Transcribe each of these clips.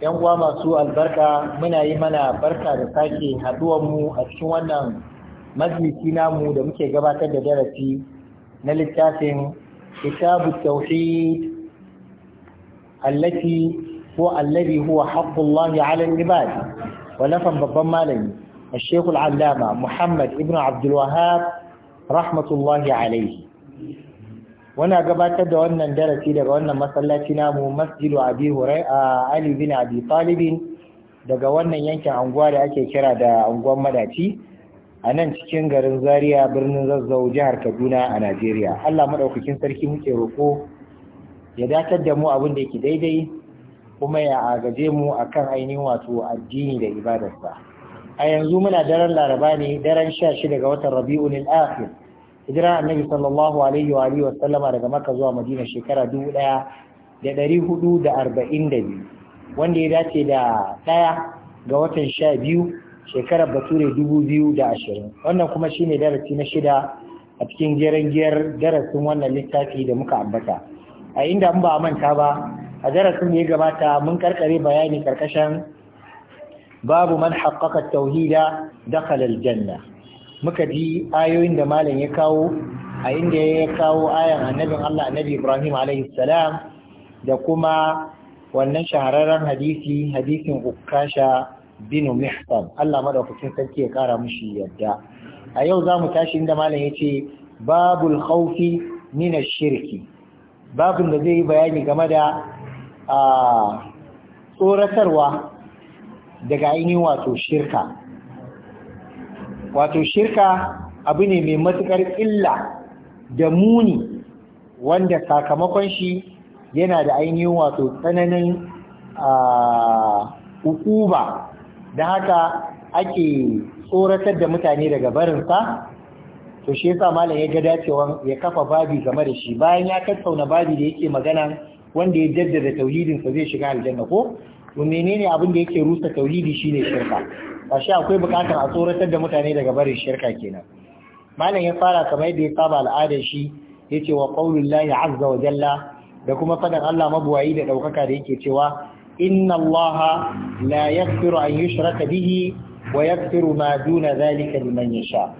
yan uwa masu albarka muna yi mana barka da sake haduwanmu mu a cikin wannan majalisi namu da muke gabatar da darasi na littafin kitabu tauhid allati ko allabi huwa haqqullahi ala al-ibad walafan babban malami الشيخ العلامة muhammad ابن عبد الوهاب رحمة الله alayhi. muna gabatar da wannan darasi daga wannan masallaci namu masjidu abi hurai a ali bin abi talibin daga wannan yankin anguwa da ake kira da anguwan madaci a nan cikin garin zaria birnin zazzau jihar kaduna a najeriya allah maɗaukakin sarki muke roƙo ya datar da mu abin da yake daidai kuma ya agaje mu akan ainihin wato addini da ibadarsa a yanzu muna daren laraba ne daren sha shida ga watan Rabi'u al-akhir hijira annabi sallallahu alaihi wa alihi wasallama daga maka zuwa madina shekara dubu ɗaya da ɗari hudu da arba'in da biyu wanda ya dace da ɗaya ga watan sha biyu shekarar bature dubu biyu da ashirin wannan kuma shine darasi na shida a cikin jeren giyar darasin wannan littafi da muka ambata a inda an ba a manta ba a darasin da ya gabata mun karkare bayani karkashin babu man haqqaqa tauhida dakhala janna. muka ji ayoyin da malam ya kawo a inda ya kawo ayan annabin Allah annabi Ibrahim alaihi salam da kuma wannan shahararren hadisi hadisin Ukasha bin Mihsan Allah madaukakin sarki ya kara mushi yadda a yau za mu tashi inda malam ya ce babul khawfi min shirki babin da zai yi bayani game da a ah, tsoratarwa daga ainihin wato shirka wato shirka abu ne mai matuƙar illa da muni wanda sakamakon shi yana da ainihin wato tsananin hukuba da haka ake tsoratar da mutane daga barinsa to shi yasa malam ya ga dacewa ya kafa babi game da shi bayan ya tattauna babi da yake magana wanda ya jaddada tauhidin sa zai shiga aljanna ko to menene abin da yake rusa tauhidi shine shirka ba shi akwai bukatar a tsoratar da mutane daga barin shirka kenan malam ya fara kamar yadda ya saba al'adar shi yace wa qaulullahi azza wa jalla da kuma fadan Allah mabuwayi da ɗaukaka da yake cewa inna Allah la yaghfiru an yushraka bihi wa yaghfiru ma duna zalika liman yasha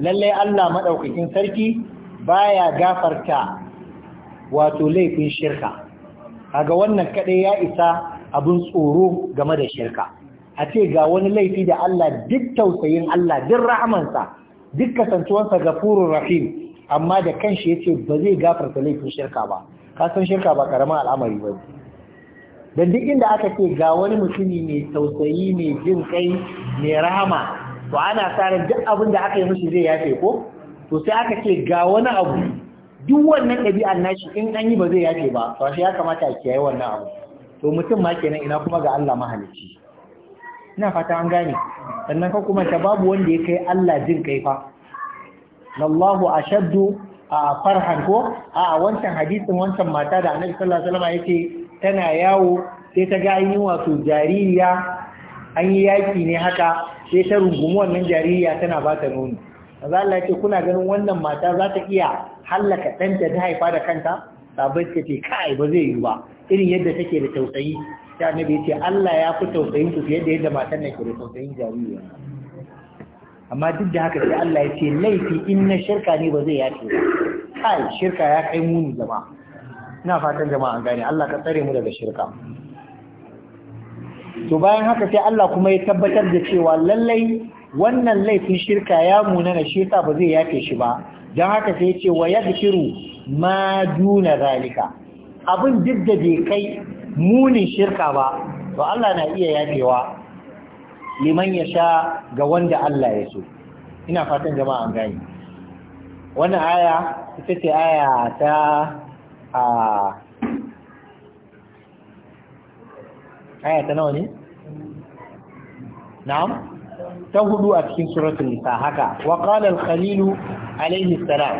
lalle Allah maɗaukakin sarki baya gafarta wato laifin shirka kaga wannan kadai ya isa abin tsoro game da shirka a ce ga wani laifi da Allah duk tausayin Allah duk rahamansa duk ga furin rahim amma da kanshi yace ba zai gafarta laifin shirka ba ka san shirka ba karamin al'amari ba da duk inda aka ce ga wani mutumi mai tausayi mai jin kai mai rahama to ana sa duk abin da aka yi mishi zai yafe ko to sai aka ce ga wani abu duk wannan ɗabi'ar nashi in an yi ba zai yafe ba to shi ya kamata a kiyaye wannan abu to mutum ma kenan ina kuma ga Allah mahalicci ina fata an gane sannan ka kuma ta babu wanda ya kai Allah jin kai fa lallahu ashaddu a farhan ko a wancan hadisin wancan mata da annabi sallallahu alaihi wasallam yake tana yawo sai ta ga ainihin wato jaririya an yi yaki ne haka sai ta rungumi wannan jaririya tana ba ta nono maza Allah ya ce kuna ganin wannan mata za ta iya hallaka ɗanta ta haifa da kanta sabai ce kai ba zai yi ba irin yadda take da tausayi sai annabi ya ce Allah ya fi tausayin su fiye da yadda matan nan ke da tausayin jariri amma duk da haka sai Allah ya ce laifi in na shirka ne ba zai yace ba kai shirka ya kai muni jama'a ina fatan jama'a an gane Allah ka tsare mu daga shirka to bayan haka sai Allah kuma ya tabbatar da cewa lallai wannan laifin shirka ya munana shi yasa ba zai yafe shi ba don haka sai ya ce wa yadkiru ma duna zalika abin duk da bai kai munin shirka ba to Allah na iya yafewa liman ya sha ga wanda Allah ya so ina fatan jama'a an gani wannan aya ita ce aya ta a aya ta nawa ne na'am ta hudu a cikin suratul nisa haka wa qala al-khalil alayhi salam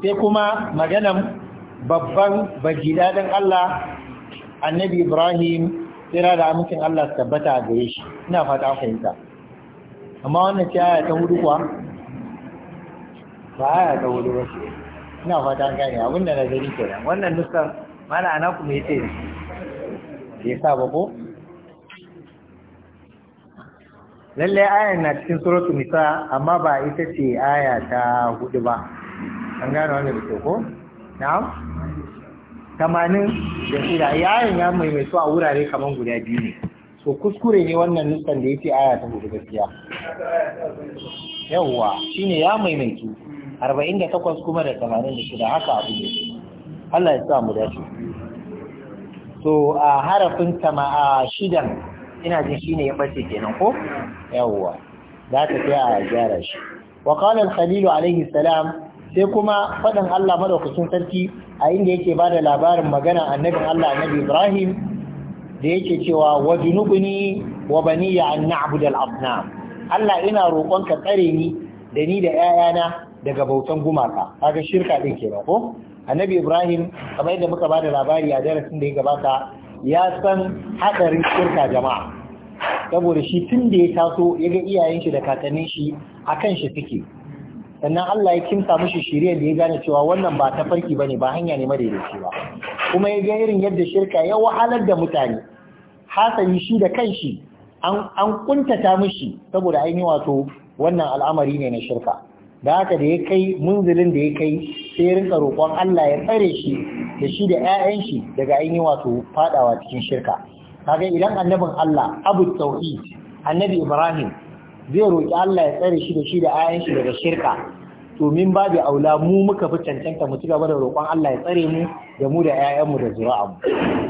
sai kuma maganan babban bajidadan Allah annabi ibrahim tsira da amincin allah su tabbata a gare shi ina fata an fahimta amma wannan ce aya ta hudu kuwa ba aya ta hudu ba ce ina fata an gane abinda na ke nan wannan nuskar mana ana kuma ya ce ya sa ba ko lallai ayan na cikin suratu nisa amma ba ita ce aya ta hudu ba an gane wannan da ke ko na'am tamanin da shida yayin ya maimaitu a wurare kamar guda biyu ne so kuskure ne wannan nuskan da ya ce aya ta hudu gaskiya yawwa ne ya maimaitu arba'in da takwas kuma da tamanin da shida haka abu ne Allah ya sa mu dace so a harafin tama a shidan ina jin shi ne ya bace kenan ko yawwa za ta sai a gyara shi wa qala al-khalil alayhi salam sai kuma faɗin Allah madaukakin sarki a inda yake ba da labarin magana annabin Allah annabi Ibrahim da yake cewa wa junubni wa baniya an na'budu al Allah ina roƙon ka tsare ni da ni da ƴaƴana daga bautan gumaka kaga shirka din kenan ko Annabi Ibrahim kamar yadda muka ba da labari a darasin da ya gabata ya san hadarin shirka jama'a saboda shi tun da ya taso ya ga iyayen shi da kakannin shi akan shi suke sannan Allah ya kimsa mushi shiriyar da ya gane cewa wannan ba ta farki ba ne ba hanya ne madaidaici ba kuma ya ga irin yadda shirka ya wahalar da mutane hasali shi da kanshi an an kuntata mushi saboda ainihin wato wannan al'amari ne na shirka da haka da ya kai munzulin da ya kai sai ya rinka roƙon Allah ya tsare shi da shi da 'ya'yan shi daga ainihin wato fadawa cikin shirka kaga idan annabin Allah Abu Tauhid annabi Ibrahim zai roƙi Allah ya tsare shi da shi da 'ya'yan shi daga shirka to min babu aula mu muka fi cancanta mu ci gaba da roƙon Allah ya tsare mu da mu da ƴaƴanmu da zuri'anmu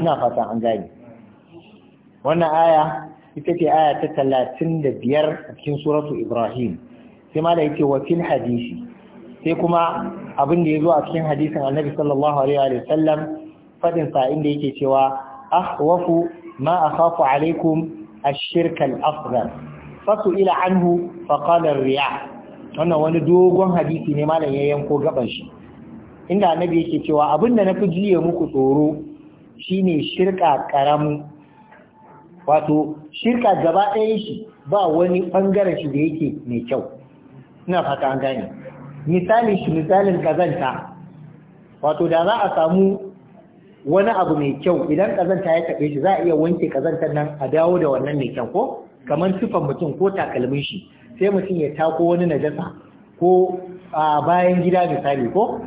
ina fatan an gane wannan aya ita ce aya ta talatin da biyar a cikin suratu ibrahim sai ma da yake wakil hadisi sai kuma abin da ya zo a cikin hadisin annabi sallallahu alaihi wa sallam fadin sa inda yake cewa ahwafu ma akhafu alaikum ash-shirk al-asghar fasu ila anhu fa ar-riya wannan wani dogon hadisi ne malam ya yanko gaban shi inda annabi yake cewa abin da fi jiye muku tsoro shine shirka karamu wato shirka gaba ɗaya shi ba wani bangaren shi da yake mai kyau ina fata an gane misalin shi misalin kazanta wato da za a samu wani abu mai kyau idan kazanta ya taɓe shi za a iya wanke kazantar nan a dawo da wannan mai kyau ko kamar tufan mutum ko takalmin shi sai mutum ya tako wani najasa ko a bayan gida misali ko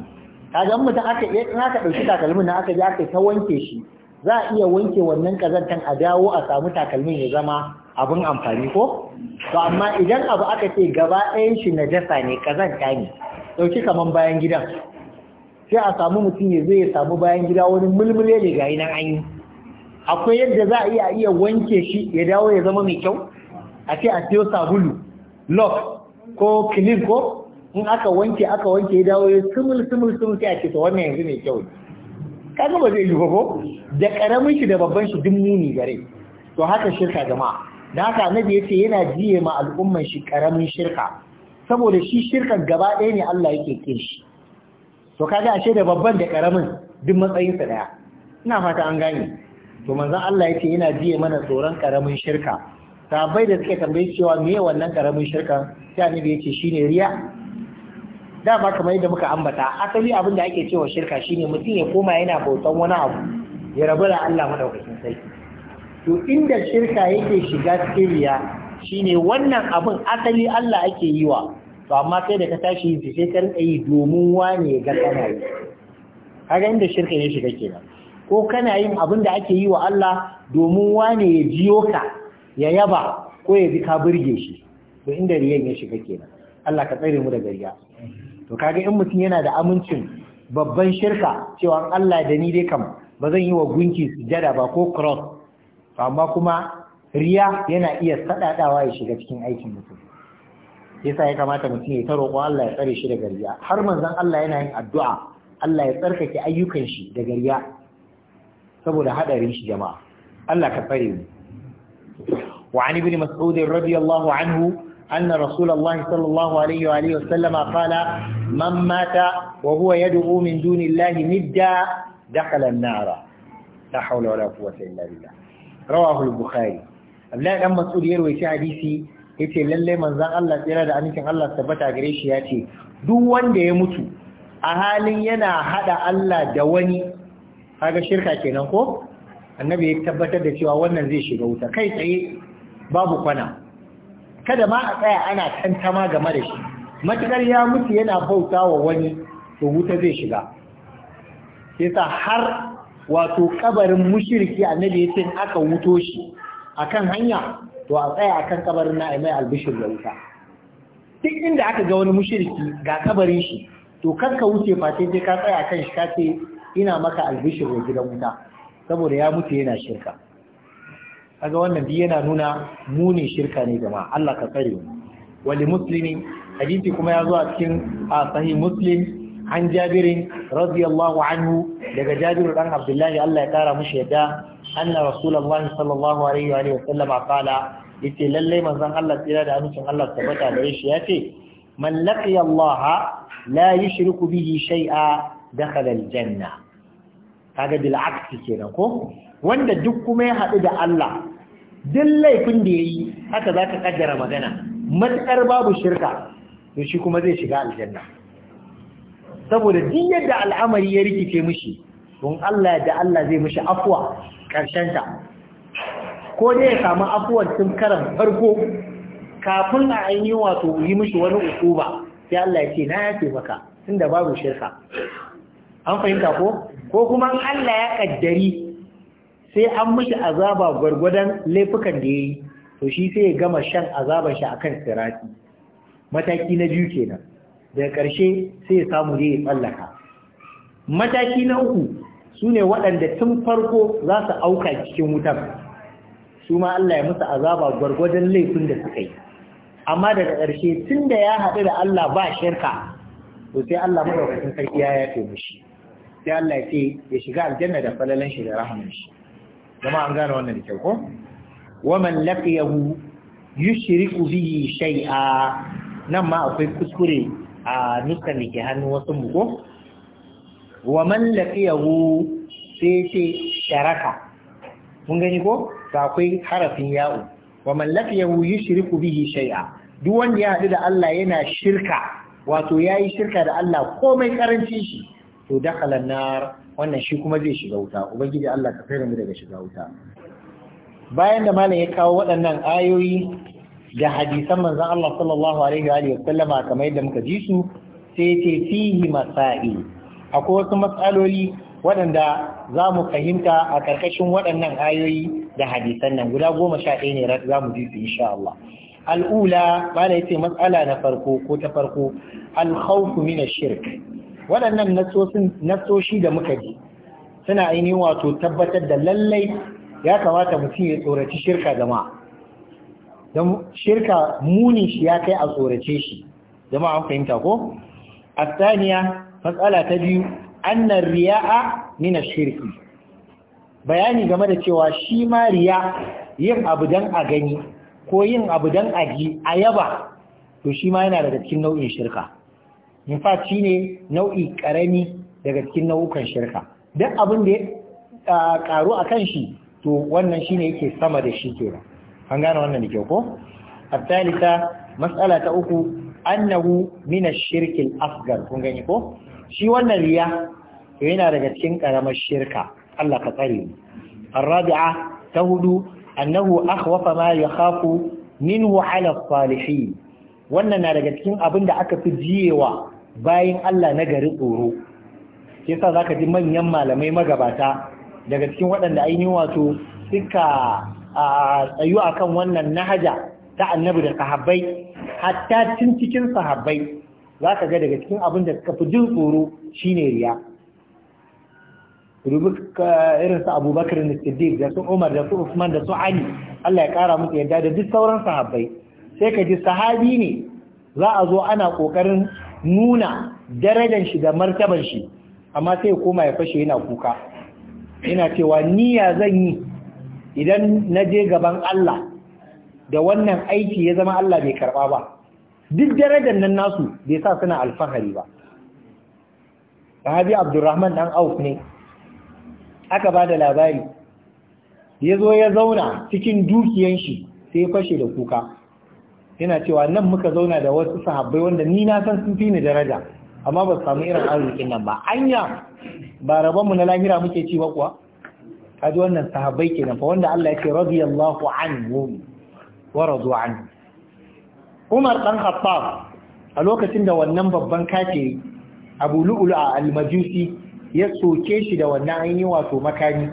kaga in mutum aka in aka dauki takalmin na aka je aka ta wanke shi za a iya wanke wannan kazantan a dawo a samu takalmin ya zama abin amfani ko to amma idan abu aka ce gaba ɗayan shi najasa ne kazanta ne dauki kaman bayan gidan sai a samu mutum ya zai samu bayan gida wani mulmule ne ga nan an yi akwai yadda za a iya iya wanke shi ya dawo ya zama mai kyau a ce a siyo sabulu lock ko clean ko in aka wanke aka wanke ya dawo ya sumul sumul sumul sai a ce to wannan yanzu mai kyau ne kaga ba zai yi ko da karamin shi da babban shi duk muni gare to haka shirka jama'a da haka annabi yace yana jiye ma al'umman shi karamin shirka saboda shi shirkan gaba ɗaya ne Allah yake kin shi to kaga ashe da babban da karamin duk matsayin sa daya ina fata an gane to manzon Allah yace yana jiye mana tsoron karamin shirka sabai da suka tambayi cewa me wannan karamin shirka sai annabi yace shine riya dama kamar yadda muka ambata asali abin da ake cewa shirka shine mutum ya koma yana bautan wani abu ya rabu da Allah madaukakin sarki to inda shirka yake shiga cikin riya shine wannan abin asali Allah ake yi wa to amma kai da ka tashi yi sai ka rinka yi domin wane ga kana yi kaga inda shirka ya shiga kenan ko kana yin abin da ake yi wa Allah domin wane ya jiyo ka ya yaba ko ya ji ka burge shi to inda riyan ya shiga kenan Allah ka tsare mu daga riya to kaga in mutum yana da amincin babban shirka cewa Allah da ni dai kam ba zan yi wa gunki sujada ba ko cross amma kuma riya yana iya sadadawa ya shiga cikin aikin mutum yasa ya kamata mutum ya ta ko Allah ya tsare shi daga riya har manzon Allah yana yin addu'a Allah ya tsarkake ayyukan shi daga riya saboda hadarin shi jama'a Allah ka tsare mu وعن ابن مسعود رضي الله عنه أن رسول الله صلى الله عليه وآله وسلم قال من مات وهو يدعو من دون الله مدى دخل النار لا حول ولا قوة إلا بالله رواه البخاري Abdullahi dan مسعود يروي rawaita hadisi yace lalle manzon Allah tsira da amincin Allah tabbata gare shi yace duk wanda ya mutu a halin yana hada Allah da wani kaga shirka kenan ko annabi ya tabbatar da cewa wannan zai shiga wuta kai tsaye babu kwana kada ma a tsaya ana tantama game da shi matukar ya mutu yana bauta wa wani to wuta zai shiga yasa har wato kabarin mushriki annabi yace in aka wuto shi akan hanya to a tsaya akan kabarin na mai albishir da wuta duk inda aka ga wani mushriki ga kabarin shi to kar ka wuce face sai ka tsaya kan shi ka ce ina maka albishir da gidan wuta saboda ya mutu yana shirka kaga wannan bi yana nuna muni shirka ne jama'a Allah ka tsare mu wali muslimi hadisi kuma ya zo a cikin sahih muslim an jabirin radiyallahu anhu daga jabiru dan abdullahi Allah ya kara mushi yadda anna rasulullahi sallallahu alaihi wa sallam qala yace lalle manzon Allah tsira da amincin Allah tabbata da shi yace man laqiya Allah la yushriku bihi shay'a dakhala aljanna kaga bil aksi kenan ko wanda duk kuma ya haɗu da Allah duk laifin da yayi haka zaka kaddara magana matsar babu shirka to shi kuma zai shiga aljanna saboda duk yadda al'amari ya rikice mishi don Allah da Allah zai mishi afwa karshen ta ko dai ya samu afuwar tun karan farko kafin a an wato yi mishi wani ukuba sai Allah ya ce na yafe maka tunda babu shirka an fahimta ko ko kuma Allah ya kaddari sai an mishi azaba gwargwadon laifukan da ya yi to shi sai ya gama shan azaban shi akan sirati mataki na biyu kenan daga ƙarshe sai ya samu dai tsallaka mataki na uku sune waɗanda tun farko za su auka cikin wutan, su ma Allah ya musu azaba gwargwadon laifin da suka yi amma daga ƙarshe tun da ya haɗu da Allah ba shirka to sai Allah maɗaukakin sarki ya yafe mishi sai Allah ya ce ya shiga aljanna da falalan shi da rahaman shi zama an gane wannan da kyau ko wa man laqiyahu yushriku bihi shay'a nan ma akwai kuskure a nukan da ke hannu wasu mu ko wa man laqiyahu sai ce sharaka mun gani ko ta akwai harafin ya'u wa man laqiyahu yushriku bihi shay'a duk wanda ya haɗu da Allah yana shirka wato yayi shirka da Allah komai karanci shi to dakhala nar wannan shi kuma zai shiga wuta ubangiji Allah ka kare mu daga shiga wuta bayan da malam ya kawo waɗannan ayoyi da hadisan manzon Allah sallallahu alaihi wa sallama kamar yadda muka ji su sai ce fihi masail akwai wasu matsaloli waɗanda za mu fahimta a ƙarƙashin waɗannan ayoyi da hadisan nan guda goma sha ɗaya ne za mu ji su insha Allah. Al'ula ba da yace matsala na farko ko ta farko al-khawfu min shirk waɗannan nassoshi da muka ji suna ainihin wato tabbatar da lallai ya kamata mutum ya tsoraci shirka jama'a don shirka muni shi ya kai a tsorace shi jama'a an fahimta ko A Saniya matsala ta biyu annan riya'a nina shirki bayani game da cewa shi ma riya yin abu don a gani ko yin abu don a ji a yaba to shi ma yana daga cikin nau'in shirka in shi ne nau'i ƙarami daga cikin nau'ukan shirka duk abin da ya karu a kan shi to wannan ne yake sama da shi kera. an gane wannan da kyau ko الثالثة مسألة أخو أنه من الشرك الأصغر Kun gani ko shi wannan riya yana daga cikin karamar shirka Allah ka tsare mu الرابعة تهدو أنه أخوف ما يخاف منه على الصالحين wannan na daga cikin abin da aka fi jiyewa bayin Allah na gari tsoro shi yasa ka ji manyan malamai magabata daga cikin waɗanda ainihin wato suka tsayu akan wannan nahaja ta annabi da sahabbai hatta tun cikin sahabbai ka ga daga cikin abin da suka fi jin tsoro shine riya rubu irin su abubakar da siddiq da su umar da su usman da su ali allah ya kara musu yadda da duk sauran sahabbai sai ka ji sahabi ne za a zo ana kokarin nuna darajar shi da martabar shi amma sai koma ya fashe yana kuka yana cewa niyya zan yi idan na je gaban Allah da wannan aiki ya zama Allah bai karba ba duk darajar nan nasu bai sa suna alfahari ba sahabi abdurrahman dan auf ne aka bada da labari yazo ya zauna cikin dukiyan shi sai fashe da kuka yana cewa nan muka zauna da wasu sahabbai wanda ni na san sun fi ni daraja amma ba samu irin arzikin nan ba anya ba rabon mu na lahira muke ci ba kuwa kaji wannan sahabbai kenan fa wanda Allah ya ce radiyallahu anhu wa radu anhu Umar dan Khattab a lokacin da wannan babban kafiri Abu Lu'lu'a al-Majusi ya soke shi da wannan ainihin wato makami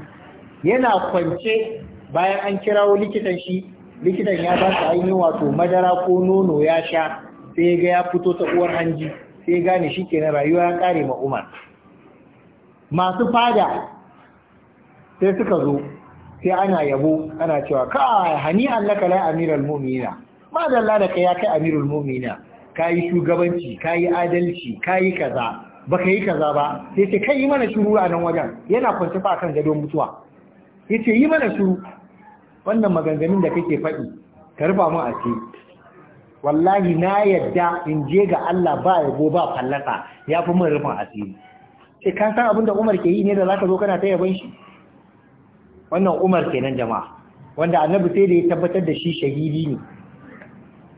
yana kwance bayan an kirawo likitan shi likitan ya ba shi ainihin wato madara ko nono ya sha sai ga ya fito ta uwar hanji sai gane shi ke na rayuwa ya kare ma umar masu fada sai suka zo sai ana yabo ana cewa kawai hani allaka la amiral mu'mina ma zalla da kai ya kai amirul mu'mina Ka yi shugabanci ka yi adalci ka yi kaza ba ka yi kaza ba sai ce kai yi mana shiru a nan wajen yana kwanci fa kan gadon mutuwa yace yi mana shiru wannan maganganun da kake faɗi ka rufa mu asiri wallahi na yadda in je ga Allah ba yabo ba fallaka ya fi rufa rufin asiri sai ka san abin da Umar ke yi ne da zaka zo kana ta yaban shi wannan Umar kenan jama'a wanda annabi sai da ya tabbatar da shi shahidi ne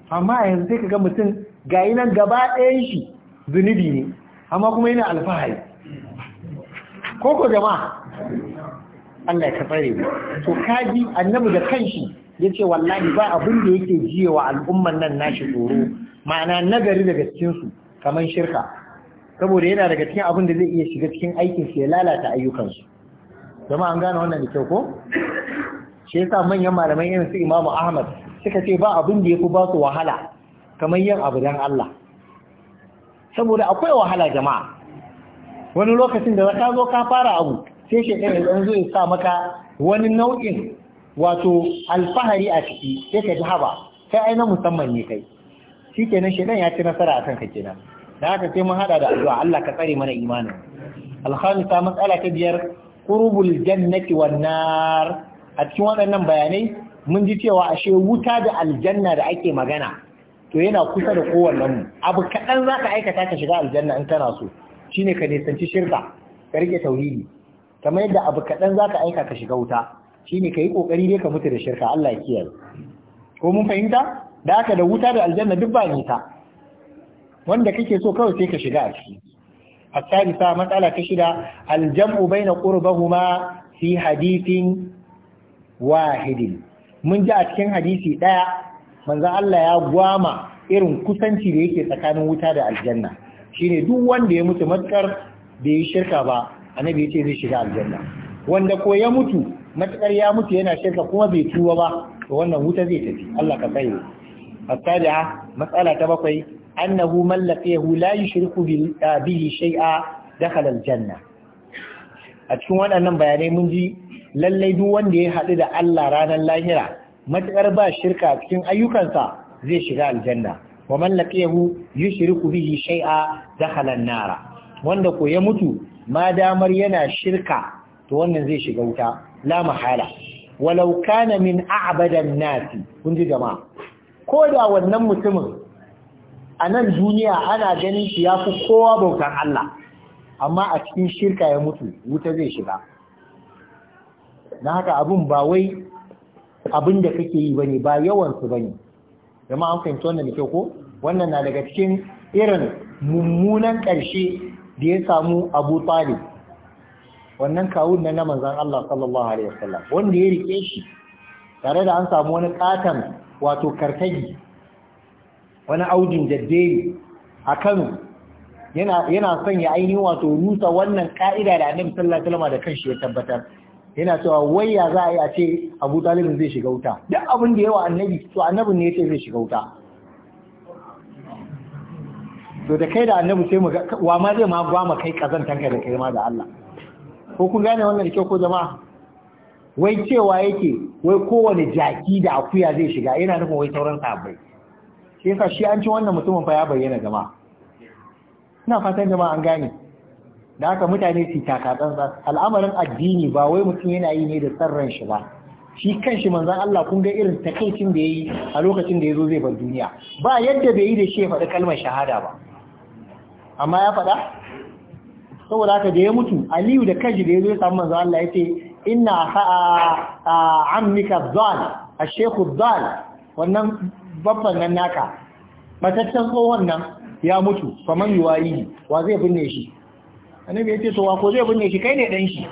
amma yanzu sai kaga mutum gayi nan gaba ɗayan shi zunubi ne amma kuma yana alfahari koko jama'a Allah ka tsare mu to kaji annabi da kanshi yace wallahi ba abin da yake jiyewa al'umman nan nashi tsoro ma'ana nagari daga cikin su kamar shirka saboda yana daga cikin abin da zai iya shiga cikin aikin su ya lalata ayyukan su zama an gane wannan da kyau ko shi yasa manyan malamai irin su Imam Ahmad suka ce ba abin da yafi ba su wahala kamar yin abu dan Allah saboda akwai wahala jama'a wani lokacin da ka zo ka fara abu sai shaitan ya zo ya sa maka wani nau'in wato alfahari a ciki sai ka ji haba sai ai na musamman ne kai shi nan, shaitan ya ci nasara akan ka kenan da haka sai mun hada da addu'a Allah ka tsare mana imanin alhamisa matsala ta biyar qurbul jannati wan nar a cikin waɗannan bayanai mun ji cewa ashe wuta da aljanna da ake magana to yana kusa da kowanne mu abu kaɗan za ka aikata ka shiga aljanna in kana so shine ka nisanci shirka ka rike tauhidi kamar yadda abu kaɗan za ka aika ka shiga wuta Shi ne ka yi ƙoƙari dai ka mutu da shirka Allah ya kiyaye ko mun fahimta da aka da wuta da aljanna duk ba nita wanda kake so kawai sai ka shiga a ciki matsala ta shida "Aljamu baina qurbahuma fi hadithin wahidin Mun ji a cikin hadisi ɗaya manzo Allah ya gwama irin kusanci da yake tsakanin wuta da aljanna shine duk wanda ya mutu matkar da yi shirka ba annabi ya ce zai shiga aljanna wanda ko ya mutu matakar ya mutu yana shirka kuma bai tuwa ba to wannan wuta zai tafi Allah ka tsaye asabi'a matsala ta bakwai annahu man la yushriku ah, bihi shay'a dakhala aljanna a cikin waɗannan bayanai mun ji lallai duk wanda ya haɗu da Allah ranar lahira matakar ba shirka cikin ayyukansa zai shiga aljanna wa man laqiyahu yushriku bihi shay'a dakhala an-nara wanda ko ya mutu ma damar yana shirka to wannan zai shiga wuta la mahala walau kana min a'badan nasi kun ji jama'a ko da wannan mutumin a nan duniya ana ganin shi ya fi kowa bautan Allah amma a cikin shirka ya mutu wuta zai shiga na haka abin ba wai abin da kake yi bane ba yawansu bane jama'a an fahimci wannan da kyau ko wannan na daga cikin irin mummunan ƙarshe da ya samu Abu tsari wannan kawun na manzon Allah sallallahu alaihi wasallam wanda ya rike shi tare da an samu wani katon wato kartagi wani aujin jadderi a Kano yana sanya son ya ainihin wato rusa wannan ka'ida da Annabi sallallahu alaihi wasallam da kanshi ya tabbatar yana cewa wai ya za a yi a ce Abu talibin zai shiga wuta duk abin da yawa Annabi to Annabi ne ya ce zai shiga wuta to da kai da annabi sai mu wa ma zai ma gwama kai kazantan kai da kai ma da Allah ko kun gane wannan da kyau ko jama'a wai cewa yake wai kowane jaki da akuya zai shiga yana nufin wai sauran sabai shi yasa shi an ci wannan mutumin fa ya bayyana jama'a ina fatan jama'a an gane da haka mutane su taka tsantsan al'amarin addini ba wai mutum yana yi ne da tsarran shi ba shi kanshi manzan Allah kun ga irin takaicin da ya yi a lokacin da ya zo zai bar duniya ba yadda bai yi da shi ya faɗi kalmar shahada ba amma ya faɗa saboda haka da ya mutu aliyu da kaji da ya zo ya samu manzo Allah ya ce inna a ammika zal shehu zal wannan babban nan naka mataccen tsohon nan ya mutu faman yuwayi wa zai binne shi annabi ya ce to wa ko zai binne shi kai ne dan shi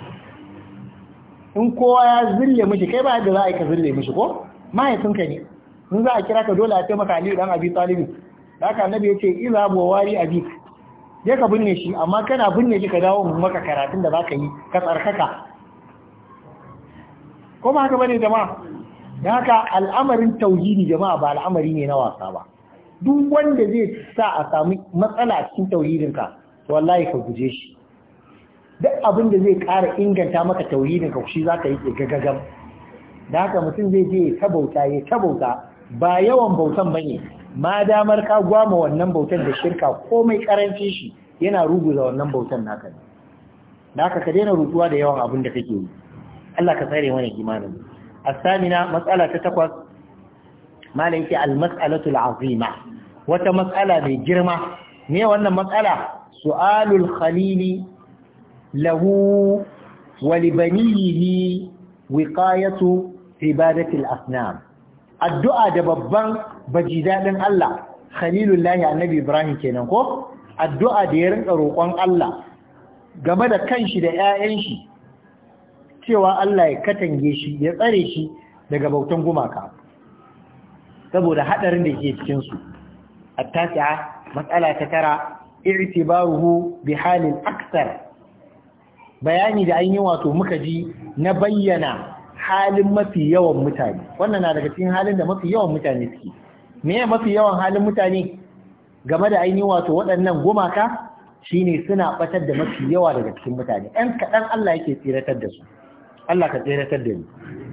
in kowa ya zille mishi kai ba yadda za a yi ka zille mishi ko mahaifinka ne in za a kira ka dole a taimaka aliyu dan abi talibi da haka annabi ya ce iza bo wari abi ya ka binne shi amma kana binne shi ka dawo mu maka karatun da zaka yi ka tsarkaka ko haka bane jama'a da haka al'amarin tauhidi jama'a ba al'amari ne na wasa ba duk wanda zai sa a samu matsala cikin tauhidin ka wallahi ka guje shi duk abin da zai ƙara inganta maka tauhidin ka shi zaka yi gagagam da haka mutum zai je ya bauta ya ta ba yawan bautan bane ma damar ka gwama wannan bautan da shirka komai karancin shi yana ruguza wannan bautan naka ne da haka ka daina rutuwa da yawan abin da kake yi Allah ka tsare mana imanin Samina matsala ta takwas malam yake al-mas'alatu al-azima wata matsala mai girma me wannan matsala su'alul khalili lahu wa li banihi wiqayatu ibadati al-asnam addu'a da babban Baji daɗin Allah khalilullahi annabi Ibrahim kenan ko addu'a da ya rinka roƙon Allah game da kanshi da ƴaƴan shi cewa Allah ya katange shi ya tsare shi daga bautan gumaka saboda hadarin da ke cikin su at matsala ta tara i'tibaruhu bi halin aksar bayani da an yi wato muka ji na bayyana halin mafi yawan mutane wannan na daga cikin halin da mafi yawan mutane suke me mafi yawan halin mutane game da ainihin wato waɗannan gumaka shine suna ɓatar da mafi yawa daga cikin mutane ɗan kaɗan Allah yake tsiratar da su Allah ka tsiratar da ni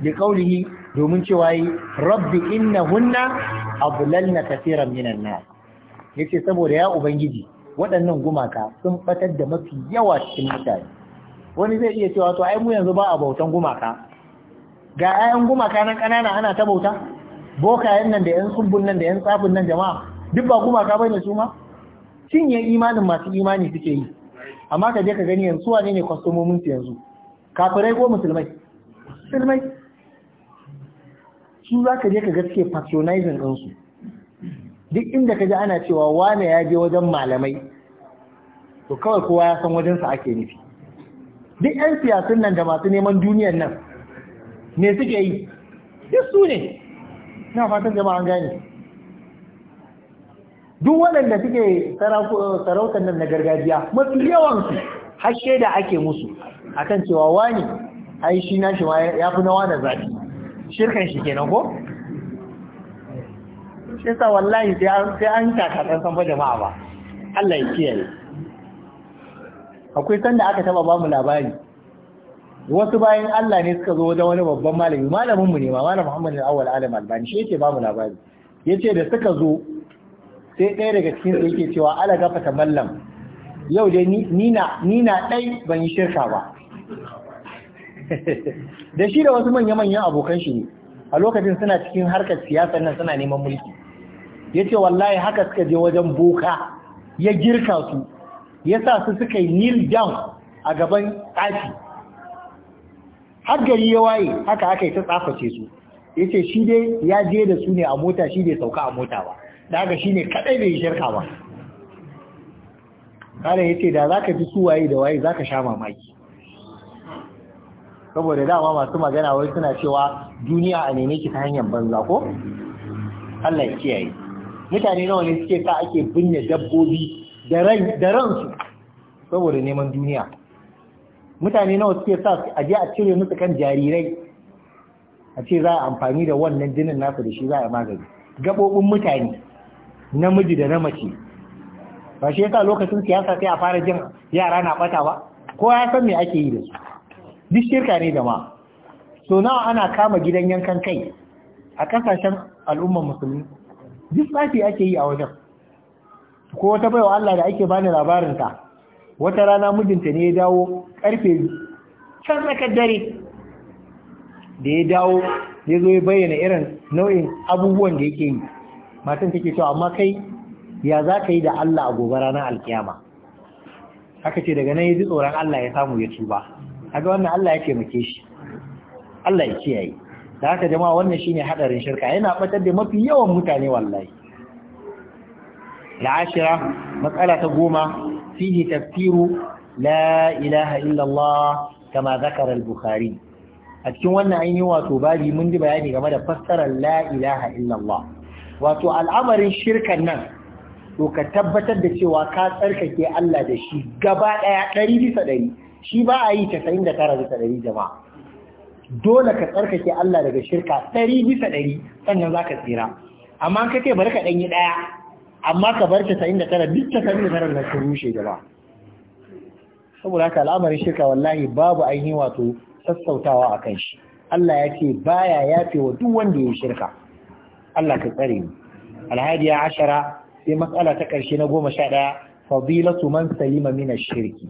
bi qaulihi domin cewa yi rabbi hunna, abu adlalna kafiran minan Ya ce saboda ya ubangiji waɗannan gumaka sun ɓatar da mafi yawa cikin mutane wani zai iya cewa to ai mu yanzu ba a bautan gumaka ga ayan gumaka nan ƙanana ana ta bauta bokayen nan da yan sumbun nan da yan tsafin nan jama'a duk ba gumaka bane su ma cinye imanin masu imani suke yi amma ka je ka gani yanzu wane ne kwastomomin su yanzu kafirai ko musulmai musulmai su za ka je ka gaske patronizing ɗansu duk inda ka ji ana cewa wane ya je wajen malamai to kawai kowa ya san wajensa ake nufi duk 'yan siyasun nan da masu neman duniyan nan me suke yi duk su ne ina fatan jama'a an gane duk waɗanda suke sarautar nan na gargajiya mafi yawansu hashe da ake musu akan cewa wani ai shi na shi ya fi nawa da zafi shirkan shi kenan ko? sa wallahi sai an taka san fa jama'a ba Allah ya kiyaye akwai sanda aka taba ba mu labari wasu bayan Allah ne suka zo wajen wani babban malami malamin mu ne ma malam Muhammad al-Awwal Alim Albani shi yake mu labari yace da suka zo sai ɗaya daga cikin su yake cewa ala gafata mallam yau dai ni na ni na dai ban yi shirka ba da shi da wasu manya manyan abokan shi ne a lokacin suna cikin harkar siyasa nan suna neman mulki yace wallahi haka suka je wajen boka ya girka su ya sa su suka yi kneel down a gaban tsaki har gari ya waye haka aka yi ta tsaface su ya ce shi dai ya je da su ne a mota shi dai sauka a mota ba da haka shi ne kaɗai bai shirka ba Kada ya ce da za ka fi su waye da waye za ka sha mamaki saboda dama masu magana wai suna cewa duniya a nene ki ta hanyar banza ko Allah ya kiyaye mutane nawa ne suke sa ake binne dabbobi da ransu saboda neman duniya mutane nawa suke sa a aje a cire musu kan jarirai a ce za a amfani da wannan jinin nasu da shi za a magani gabobin mutane namiji da na mace ba shi yasa lokacin siyasa sai a fara jin yara na bata ba ko ya san me ake yi da su duk shirka ne da ma so nawa ana kama gidan yankan kai a kasashen al'ummar musulmi duk tsafi ake yi a wajen ko wata baiwa Allah da ake bani labarin ta wata rana mijinta ne ya dawo karfe can tsakar dare da ya dawo ya zo ya bayyana irin nau'in abubuwan da yake yi matan take cewa amma kai ya za ka yi da Allah a gobe ranar alkiyama aka ce daga nan ya ji tsoron Allah ya samu ya tuba kaga wannan Allah ya taimake shi Allah ya kiyaye da haka jama'a wannan shine hadarin shirka yana batar da mafi yawan mutane wallahi la'ashira matsala ta goma fihi tafsiru la ilaha illallah kama zakara al-bukhari a cikin wannan ainihin wato babi mun ji bayani game da fassarar la ilaha illallah wato al'amarin shirka nan to ka tabbatar da cewa ka tsarkake Allah da shi gaba ɗaya ɗari bisa ɗari shi ba a yi casa'in da tara bisa ɗari jama'a dole ka tsarkake Allah daga shirka ɗari bisa ɗari sannan za ka tsira amma ka ce bari ka ɗan yi ɗaya amma ka bar tara duk 99 na sun rushe gaba saboda haka al'amarin shirka wallahi babu ainihin wato sassautawa a kan shi Allah ya ce baya yafe wa duk wanda ya shirka Allah ka tsare ni ya ashara sai matsala ta ƙarshe na goma sha ɗaya fadilatu man salima min shirki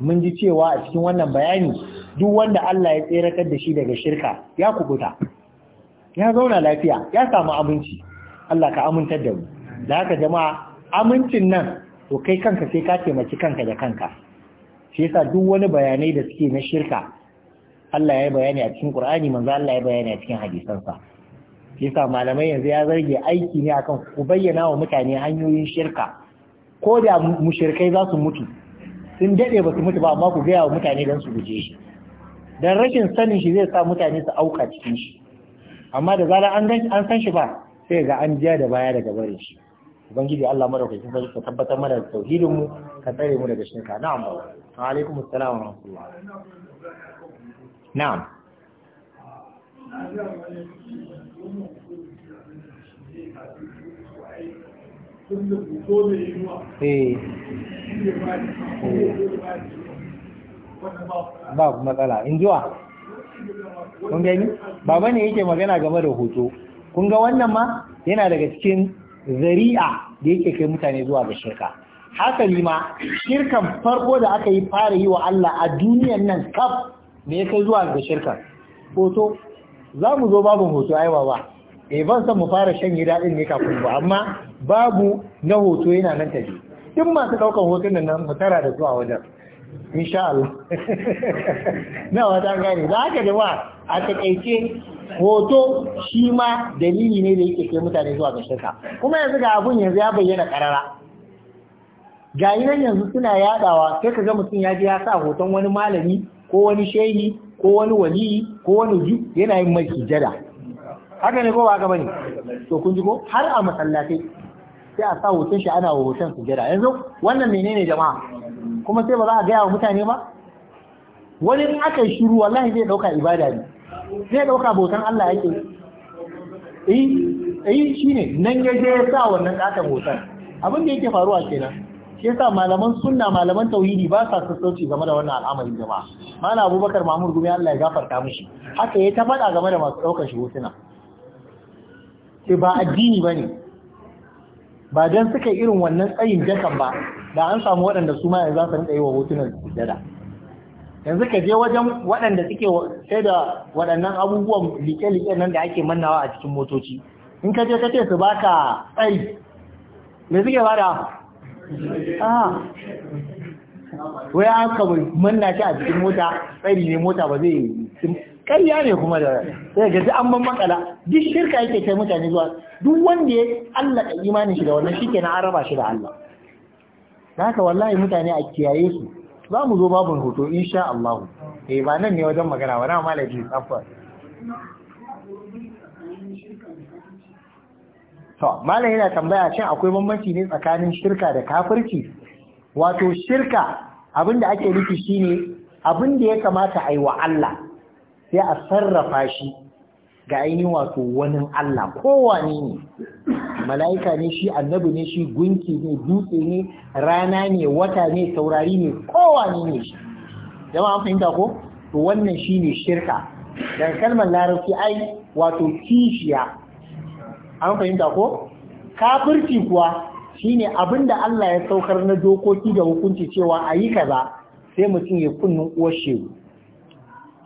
mun ji cewa a cikin wannan bayani duk wanda Allah ya tseratar da shi daga shirka ya kubuta ya zauna lafiya ya samu abinci Allah ka amintar da mu da haka jama'a amincin nan to kai kanka sai ka taimaki kanka da kanka shi yasa duk wani bayanai da suke na shirka Allah ya yi bayani a cikin Qur'ani manzo Allah ya bayani a cikin hadisansa shi yasa malamai yanzu ya zarge aiki ne akan ku bayyana wa mutane hanyoyin shirka ko da mushrikai za su mutu sun dade ba su mutu ba amma ku gaya wa mutane dan su guje shi dan rashin sanin shi zai sa mutane su auka cikin shi amma da zarar an an san shi ba sai ga an jiya da baya daga barin shi ubangiji Allah madaukakin sarki ka tabbatar mana da tauhidin mu ka tsare mu daga shirka na'am wa alaikum assalam wa rahmatullah na'am ku eh. matsala in zuwa kun gani baba ne yake magana game da hoto kun ga wannan ma yana daga cikin zari'a da yake kai mutane zuwa ga shirka hasali ma shirkan farko da aka yi fara yi wa Allah a duniyan nan kaf ne ya kai zuwa ga shirkan hoto za mu zo babu hoto ai ba e eh, ban san mu fara shanye daɗin ne kafin ba amma babu na hoto yana nan tafi duk masu ɗaukar hoton nan mu tara da zuwa wajen insha Allah na wata gane za ka da ba a takaice hoto shi ma dalili ne da yake kai mutane zuwa ga shirka kuma yanzu ga abun yanzu ya bayyana karara ga nan yanzu suna yadawa sai ka ga mutum ya je ya sa hoton wani malami ko wani shehi ko wani waliyi ko wani ju yana yin mai jada. haka ne ko ba haka bane to kun ji ko har a masallatai sai a sa hoton shi ana wa hoton sujada yanzu wannan menene jama'a kuma sai ba za a gaya wa mutane ba wani in aka yi shiru wallahi zai dauka ibada ne zai ɗauka bautan Allah yake yi eh, eh, shi ne nan ya je ya sa wannan ƙaton bautan abin da yake faruwa kenan shi yasa malaman sunna malaman tauhidi ba sa sassauci game da wannan al'amarin jama'a malam abubakar mahmud gumi Allah ya gafarta mishi haka ya ta faɗa game da masu ɗaukar shi hotuna sai ba addini ba ne ba don suka irin wannan tsayin jakan ba da an samu waɗanda su ma yanzu za su rinka yi wa hotunan jada. yanzu ka je wajen waɗanda suke sai da waɗannan abubuwan liƙe-liƙe nan da ake mannawa a cikin motoci in ka je ka ce su baka tsari me suke bada da ah. wai an ka manna shi a cikin mota tsari ne mota ba zai yi. ƙarya ne kuma da sai ga an ban makala duk shirka yake kai mutane zuwa duk wanda ya allaka imanin shi da wannan shi ke an raba shi da Allah haka wallahi mutane a kiyaye su za mu zo babun hoto insha Allah eh ba nan ne wajen magana ba na malaji to malam yana tambaya shin akwai bambanci ne tsakanin shirka da kafirci wato shirka abinda ake nufi shine abin da ya kamata a yi wa Allah sai a sarrafa shi ga ainihin wato wani Allah kowane ne mala'ika ne shi annabi ne shi gunki ne dutse ne rana ne wata ne saurari ne kowane ne shi jama'a an fahimta ko to wannan shi ne shirka daga kalmar larabci ai wato kishiya an fahimta ko kafirci kuwa shine abinda Allah ya saukar na dokoki da hukunci cewa a yi kaza sai mutum ya kunnun uwar shehu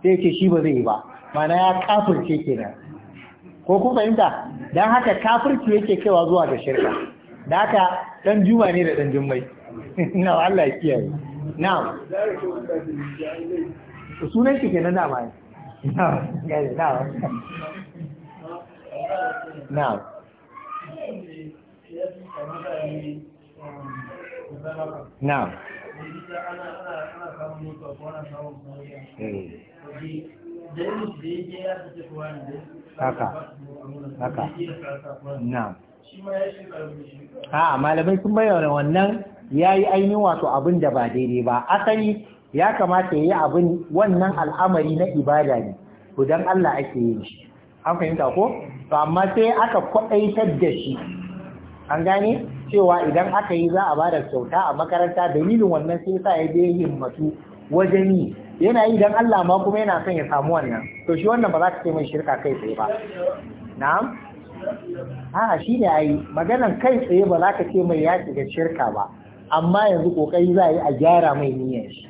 sai ce shi ba zai yi ba mana ya kafirce kenan ko kun fahimta don haka kafirci yake kaiwa zuwa ga shirka da haka dan juma ne da dan jummai na Allah ya kiyaye Na. sunan shi kenan dama ne na na'am na na'am haka haka na a malamai sun bayyana wannan ya yi ainihin wato abin da ba daidai ba asali ya kamata ya yi abin wannan al'amari na ibada ne to Allah ake yin shi an fahimta ko to amma sai aka kwaɗaitar da shi an gane cewa idan aka yi za a ba da kyauta a makaranta dalilin wannan sai sa ya je himmatu wajen yi yana yi don Allah ma kuma yana son ya samu wannan to shi wannan ba za ka ce mai shirka kai tsaye ba na'am a shi ne ayi maganan kai tsaye ba za ka ce mai ya shiga shirka ba amma yanzu kokari za a yi a gyara mai niyyar shi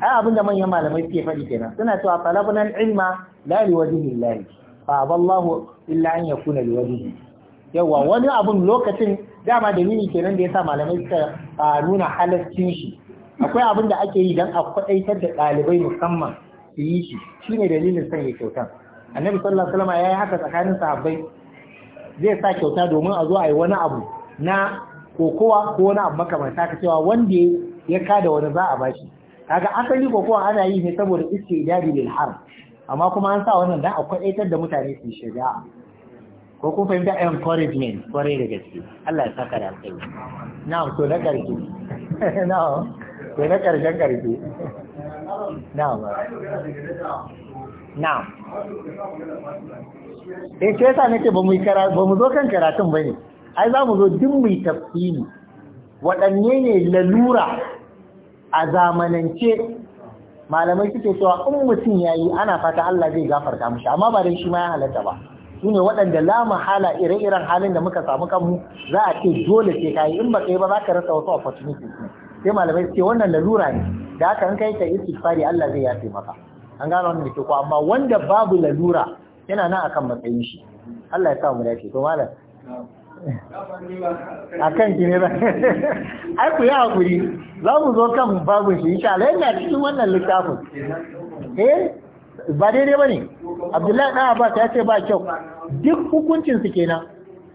ai abin da manyan malamai suke faɗi kenan suna cewa talabnal ilma la liwajhi llahi fa aballahu illa an yakuna kuna yawa wani abun lokacin dama ke nan da ya sa malamai suka ah, nuna halaccin shi akwai abin da ake yi don a kwaɗaitar da ɗalibai musamman su yi shi shi ne dalilin sanya kyautan annabi sallallahu alaihi wasallam ya yi haka tsakanin sahabbai zai sa kyauta domin a zo a yi wani abu na kokowa ko wani abu makamanta ka cewa wanda ya kada wani za a bashi kaga asali kokowa ana yi ne saboda iske ijabi lil haram amma kuma an sa wannan dan a kwaɗaitar da mutane su shiga ko kun fahimta encouragement kwarai da gaske Allah ya saka da alƙairi na'am to na ƙarshe na'am to na ƙarshen ƙarfi na na eh ke yasa nake ba mu zo kan karatun ba ne ai za mu zo duk mu tafsiri waɗanne ne lalura a zamanance malamai suke cewa in mutum ya yi ana fata Allah zai gafarta mushi amma ba dan shi ma ya halatta ba su ne waɗanda la mahala ire-iren halin da muka samu kanmu za a ce dole ce ka yi in ba ka yi ba za ka rasa wasu opportunities ne sai malamai ce wannan lalura ne da aka an kai ta istighfari Allah zai yafe maka an gano wannan ke ko amma wanda babu lalura yana nan akan matsayin shi Allah ya sa mu dace to malam akan ki ne ba ai ku yi hakuri za mu zo kan babu shi insha Allah yana cikin wannan littafin eh ba daidai ba ne abdullahi ɗan abbas ya ce ba kyau duk hukuncinsu kenan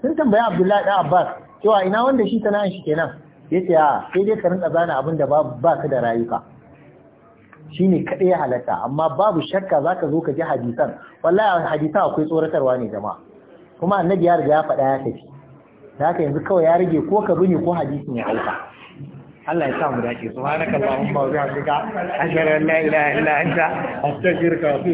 sun tambaya abdullahi ɗan abbas cewa ina wanda shi sana'an shi kenan ce a sai dai ka rinka zana abin da ba ka da rayuka Shi ne kadai ya halatta amma babu shakka zaka zo ka ji hadisan wallahi hadisan akwai tsoratarwa ne jama'a kuma annabi ya riga ya faɗa ya tafi da haka yanzu kawai ya rage ko ka bi ne ko hadisin ya hauka Allah ya sa mu dace subhanakallahumma wa bihamdika ashhadu an la ilaha illa anta astaghfiruka wa atubu